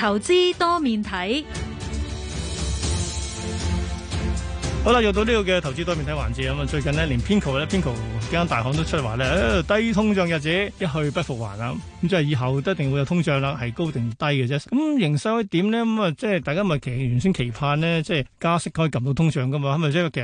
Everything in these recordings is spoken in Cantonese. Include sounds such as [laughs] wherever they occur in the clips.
投資多面睇，好啦，又到呢個嘅投資多面睇環節咁啊。最近咧，連 PIMCO 咧，PIMCO 間大行都出嚟話咧，低通脹日子一去不復還啊。咁即係以後都一定會有通脹啦，係高定低嘅啫。咁、嗯、形勢會點咧？咁、嗯、啊，即係大家咪其原先期盼呢，即係加息可以撳到通脹噶嘛？咁咪即係其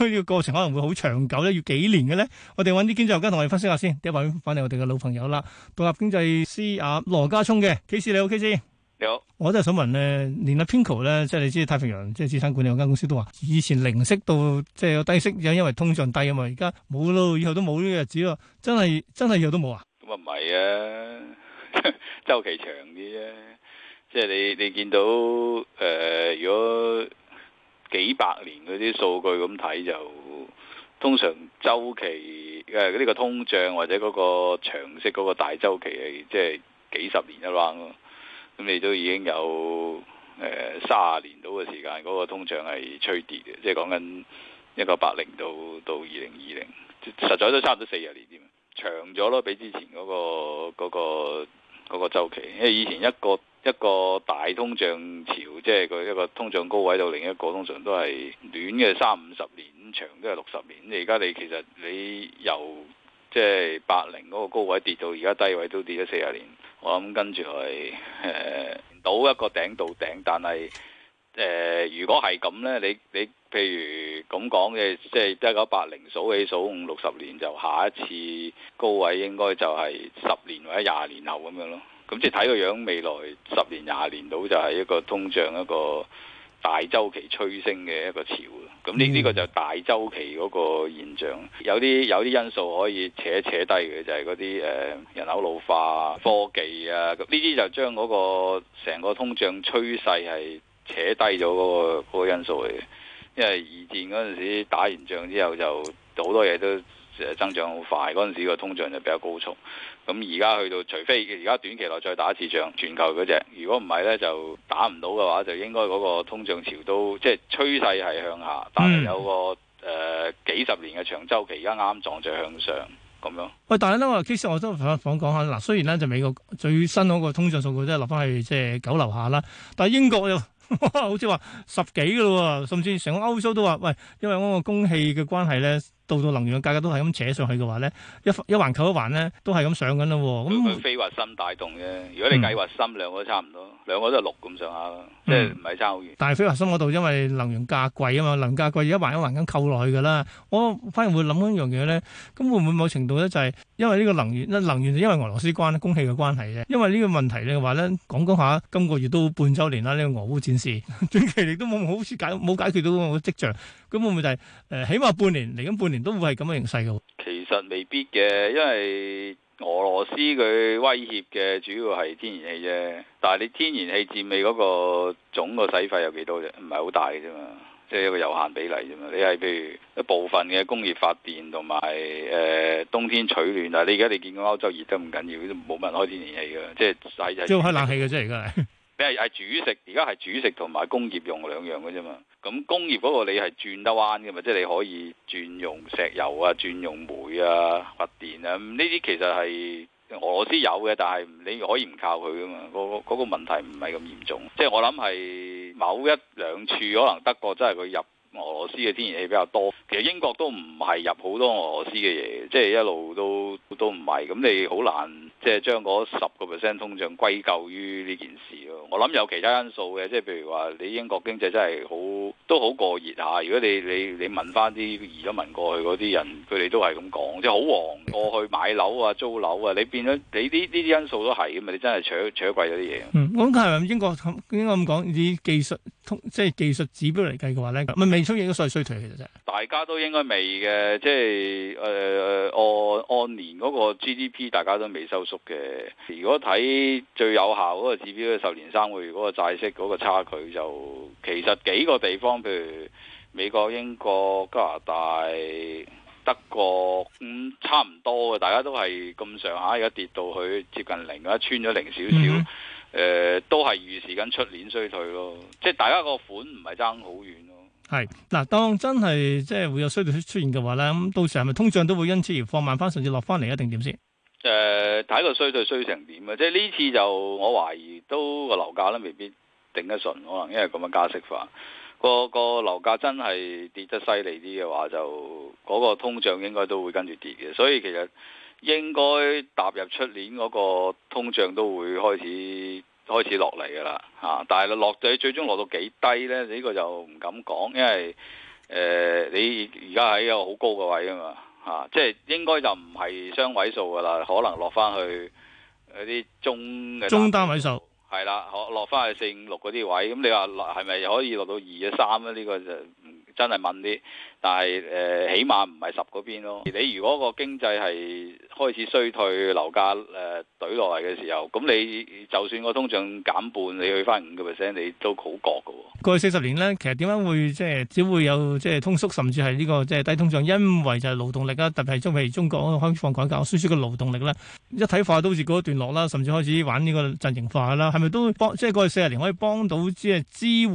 實呢個過程可能會好長久咧，要幾年嘅咧？我哋揾啲經濟學家同我哋分析下先。第一位翻嚟，我哋嘅老朋友啦，獨立經濟師阿羅家聰嘅，KC 你 OK 先。你好，我真係想問咧，連阿 PIMCO 咧，即係你知太平洋即係資產管理有間公司都話，以前零息到即係有低息，因因為通脹低啊嘛，而家冇咯，以後都冇呢日子咯，真係真係以後都冇啊？咁 [laughs] 啊，唔係啊，周期長啲啫，即係你你見到誒、呃，如果幾百年嗰啲數據咁睇，就通常周期誒呢、啊這個通脹或者嗰個長息嗰個大周期係即係幾十年一 round、啊。咁你都已經有誒三廿年到嘅時間，嗰個通脹係趨跌嘅，即係講緊一九八零到到二零二零，實在都差唔多四廿年添，長咗咯，比之前嗰個嗰個嗰個周期。因為以前一個一個大通脹潮，即係個一個通脹高位到另一個通常都係短嘅三五十年，長都係六十年。你而家你其實你由即係八零嗰個高位跌到而家低位都跌咗四廿年。我諗跟住係，誒、呃、到一個頂到頂，但係誒、呃、如果係咁呢，你你譬如咁講嘅，即係一九八零數起數五六十年，就下一次高位應該就係十年或者廿年後咁樣咯。咁、嗯、即係睇個樣，未來十年廿年到就係一個通脹一個大周期催升嘅一個潮咯，咁呢呢個就大周期嗰個現象，有啲有啲因素可以扯一扯低嘅，就係嗰啲誒人口老化、科技啊，咁呢啲就將嗰個成個通脹趨勢係扯低咗嗰個嗰個因素嚟嘅，因為二戰嗰陣時打完仗之後就好多嘢都。就增長好快，嗰陣時個通脹就比較高速。咁而家去到，除非而家短期內再打一次仗，全球嗰隻，如果唔係咧就打唔到嘅話，就應該嗰個通脹潮都即係趨勢係向下，但係有個誒、呃、幾十年嘅長周期，而家啱撞咗向上咁樣。喂、嗯，但係呢，我其實我都想講下嗱，雖然呢，就美國最新嗰個通脹數據都係落翻去即係九樓下啦，但係英國又 [laughs] 好似話十幾嘅咯喎，甚至成個歐洲都話喂，因為嗰個供氣嘅關係咧。到到能源嘅價格都係咁扯上去嘅話咧，一一環扣一環咧，都係咁上緊咯。咁非核心帶動嘅，如果你計核心兩個都差唔多，兩個都係六咁上下，即係唔係差好遠。但係非核心嗰度，因為能源價貴啊嘛，能源價貴而一環一環咁扣落去嘅啦。我反而會諗一樣嘢咧，咁會唔會某程度咧就係因為呢個能源，能源就因為俄羅斯關、供氣嘅關係咧。因為呢個問題嘅話咧，講講下今個月都半週年啦，呢個俄烏戰事短期嚟都冇好似解冇解決到個跡象。咁會唔會就係誒，起碼半年嚟緊半年，都會係咁嘅形勢嘅，其實未必嘅，因為俄羅斯佢威脅嘅主要係天然氣啫。但係你天然氣佔你嗰個總個使費有幾多啫？唔係好大啫嘛，即係一個有限比例啫嘛。你係譬如一部分嘅工業發電同埋誒冬天取暖啊，但你而家你見過歐洲熱得唔緊要，都冇乜人開天然氣嘅，即係使就開冷氣嘅啫，而家係。你係係主食，而家係主食同埋工業用兩樣嘅啫嘛。咁工業嗰個你係轉得彎嘅嘛，即係你可以轉用石油啊，轉用煤啊、發電啊，呢啲其實係俄羅斯有嘅，但係你可以唔靠佢噶嘛。嗰個問題唔係咁嚴重。即係我諗係某一兩處可能德國真係佢入俄羅斯嘅天然氣比較多。其實英國都唔係入好多俄羅斯嘅嘢，即係一路都都唔係。咁你好難。即係將嗰十個 percent 通脹歸咎於呢件事咯，我諗有其他因素嘅，即係譬如話你英國經濟真係好都好過熱嚇，如果你你你問翻啲移咗民過去嗰啲人，佢哋都係咁講，即係好旺過去買樓啊、租樓啊，你變咗你呢呢啲因素都係咁啊，你真係搶搶貴咗啲嘢。嗯，咁係咪英國咁英國咁講？啲技術？即係技術指標嚟計嘅話咧，咪未出現咗衰退，其實啫。大家都應該未嘅，即係誒、呃呃，按按年嗰個 GDP，大家都未收縮嘅。如果睇最有效嗰個指標，十年三個月嗰個債息嗰個差距就，就其實幾個地方，譬如美國、英國、加拿大、德國，咁、嗯、差唔多嘅，大家都係咁上下，而家跌到去接近零，而家穿咗零少少。Mm hmm. 誒、呃、都係預示緊出年衰退咯，即係大家個款唔係爭好遠咯。係嗱，當真係即係會有衰退出現嘅話咧，咁到時候係咪通脹都會因此而放慢翻，甚至落翻嚟一定點先？誒、睇個衰退衰成點啊！即係呢次就我懷疑都個樓價咧未必頂得順，可能因為咁嘅加息法個、嗰個樓價真係跌得犀利啲嘅話，就嗰個通脹應該都會跟住跌嘅。所以其實。應該踏入出年嗰個通脹都會開始開始落嚟㗎啦嚇，但係落最最終落到幾低呢？你、這、呢個就唔敢講，因為誒、呃、你而家喺個好高嘅位啊嘛嚇、啊，即係應該就唔係雙位數㗎啦，可能落翻去嗰啲中嘅中單位數係啦，落落翻去四五六嗰啲位，咁、嗯、你話落係咪可以落到二啊三啊？呢、這個就真係問啲，但係誒、呃，起碼唔係十嗰邊咯。你如果個經濟係開始衰退，樓價誒懟落嚟嘅時候，咁你就算個通脹減半，你去翻五個 percent，你都好過㗎。過去四十年咧，其實點解會即係只會有即係通縮，甚至係呢個即係低通脹，因為就係勞動力啊，特別係中譬如中國開放改革，輸出嘅勞動力咧，一體化都好似過一段落啦，甚至開始玩呢個陣營化啦，係咪都幫即係過去四十年可以幫到即係支援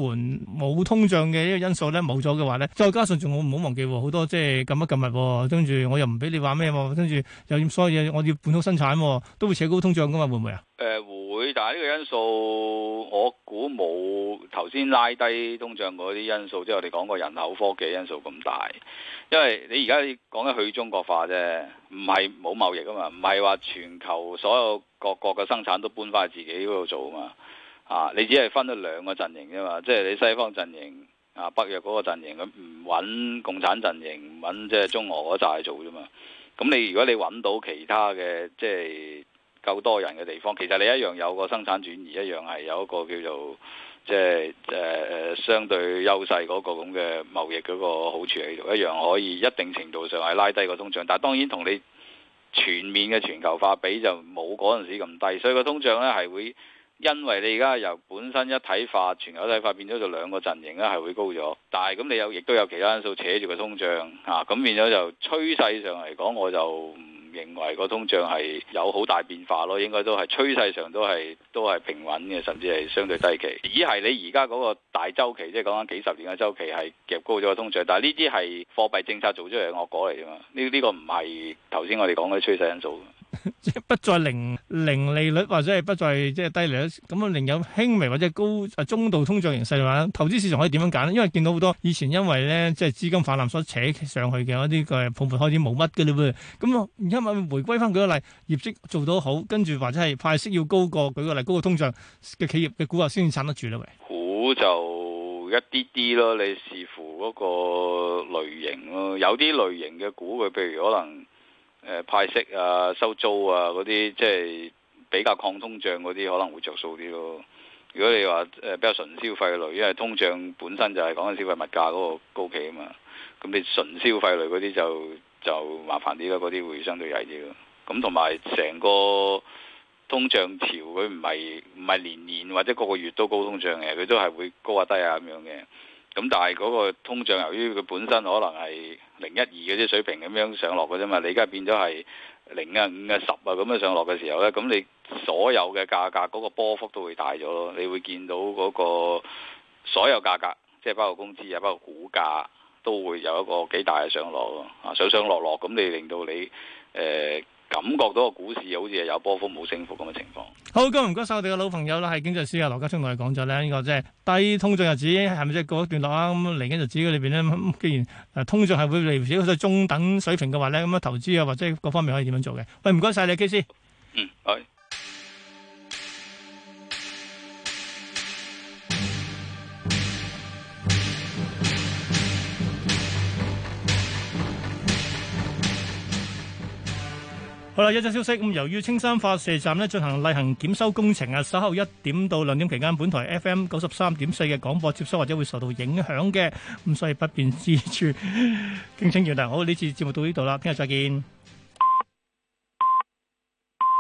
冇通脹嘅呢個因素咧冇咗嘅話？再加上仲好唔好忘記好多即係近一近日，跟住我又唔俾你話咩喎，跟住又有所以我要本土生產，都會扯高通脹噶嘛，會唔會啊？誒、呃、會，但係呢個因素我估冇頭先拉低通脹嗰啲因素，即係我哋講個人口科技因素咁大。因為你而家講緊去中國化啫，唔係冇貿易啊嘛，唔係話全球所有各國嘅生產都搬翻自己嗰度做啊嘛。啊，你只係分咗兩個陣營啫嘛，即係你西方陣營。啊，北約嗰個陣營佢唔揾共產陣營，揾即係中俄嗰啲去做啫嘛。咁你如果你揾到其他嘅即係夠多人嘅地方，其實你一樣有個生產轉移，一樣係有一個叫做即係誒誒相對優勢嗰個咁嘅貿易嗰個好處喺度，一樣可以一定程度上係拉低個通脹。但係當然同你全面嘅全球化比就冇嗰陣時咁低，所以個通脹呢係會。因為你而家由本身一體化、全球一體化變咗就兩個陣營咧，係會高咗。但係咁你有，亦都有其他因素扯住、啊、個通脹，嚇咁變咗就趨勢上嚟講，我就唔認為個通脹係有好大變化咯。應該都係趨勢上都係都係平穩嘅，甚至係相對低期。而係你而家嗰個大周期，即係講緊幾十年嘅周期係夾高咗個通脹。但係呢啲係貨幣政策做出嚟嘅惡果嚟㗎嘛。呢、這、呢個唔係頭先我哋講嘅趨勢因素。即係 [laughs] 不再零零利率或者係不再即係、就是、低利率，咁啊另有輕微或者高啊中度通脹形勢嘅話，投資市場可以點樣揀咧？因為見到好多以前因為咧即係資金泛濫所扯上去嘅一啲嘅泡沫開始冇乜嘅嘞噃。咁啊，因為回歸翻舉個例，業績做到好，跟住或者係派息要高過，舉個例高過通脹嘅企業嘅股啊，先至撐得住咧。喂，股就一啲啲咯，你視乎嗰個類型咯，有啲類型嘅股佢譬如可能。誒、呃、派息啊、收租啊嗰啲，即係比較抗通脹嗰啲可能會着數啲咯。如果你話誒比較純消費類，因為通脹本身就係講緊消費物價嗰個高企啊嘛，咁你純消費類嗰啲就就麻煩啲咯，嗰啲會相對曳啲咯。咁同埋成個通脹潮，佢唔係唔係年年或者個個月都高通脹嘅，佢都係會高啊、低啊咁樣嘅。咁但係嗰個通脹，由於佢本身可能係零一二嗰啲水平咁樣上落嘅啫嘛，你而家變咗係零一五啊十啊咁樣上落嘅時候咧，咁你所有嘅價格嗰個波幅都會大咗咯，你會見到嗰個所有價格，即係包括工資啊，包括股價都會有一個幾大嘅上落啊，上上落落咁，你令到你誒。呃感覺到個股市好似係有波幅冇升幅咁嘅情況。好，咁唔該晒我哋嘅老朋友啦，係經濟師啊，羅家聰，我哋講咗咧呢個即係低通脹日子係咪即係過一段落啊？咁嚟緊日子佢裏邊咧，既然誒通脹係會維持喺一個中等水平嘅話咧，咁樣投資啊或者各方面可以點樣做嘅？喂，唔該晒你，KC。嗯，哎好啦，一則消息咁，由於青山發射站咧進行例行檢修工程啊，稍後一點到兩點期間，本台 FM 九十三點四嘅廣播接收或者會受到影響嘅，咁所以不便之處， [laughs] 敬請原諒。好，呢次節目到呢度啦，聽日再見。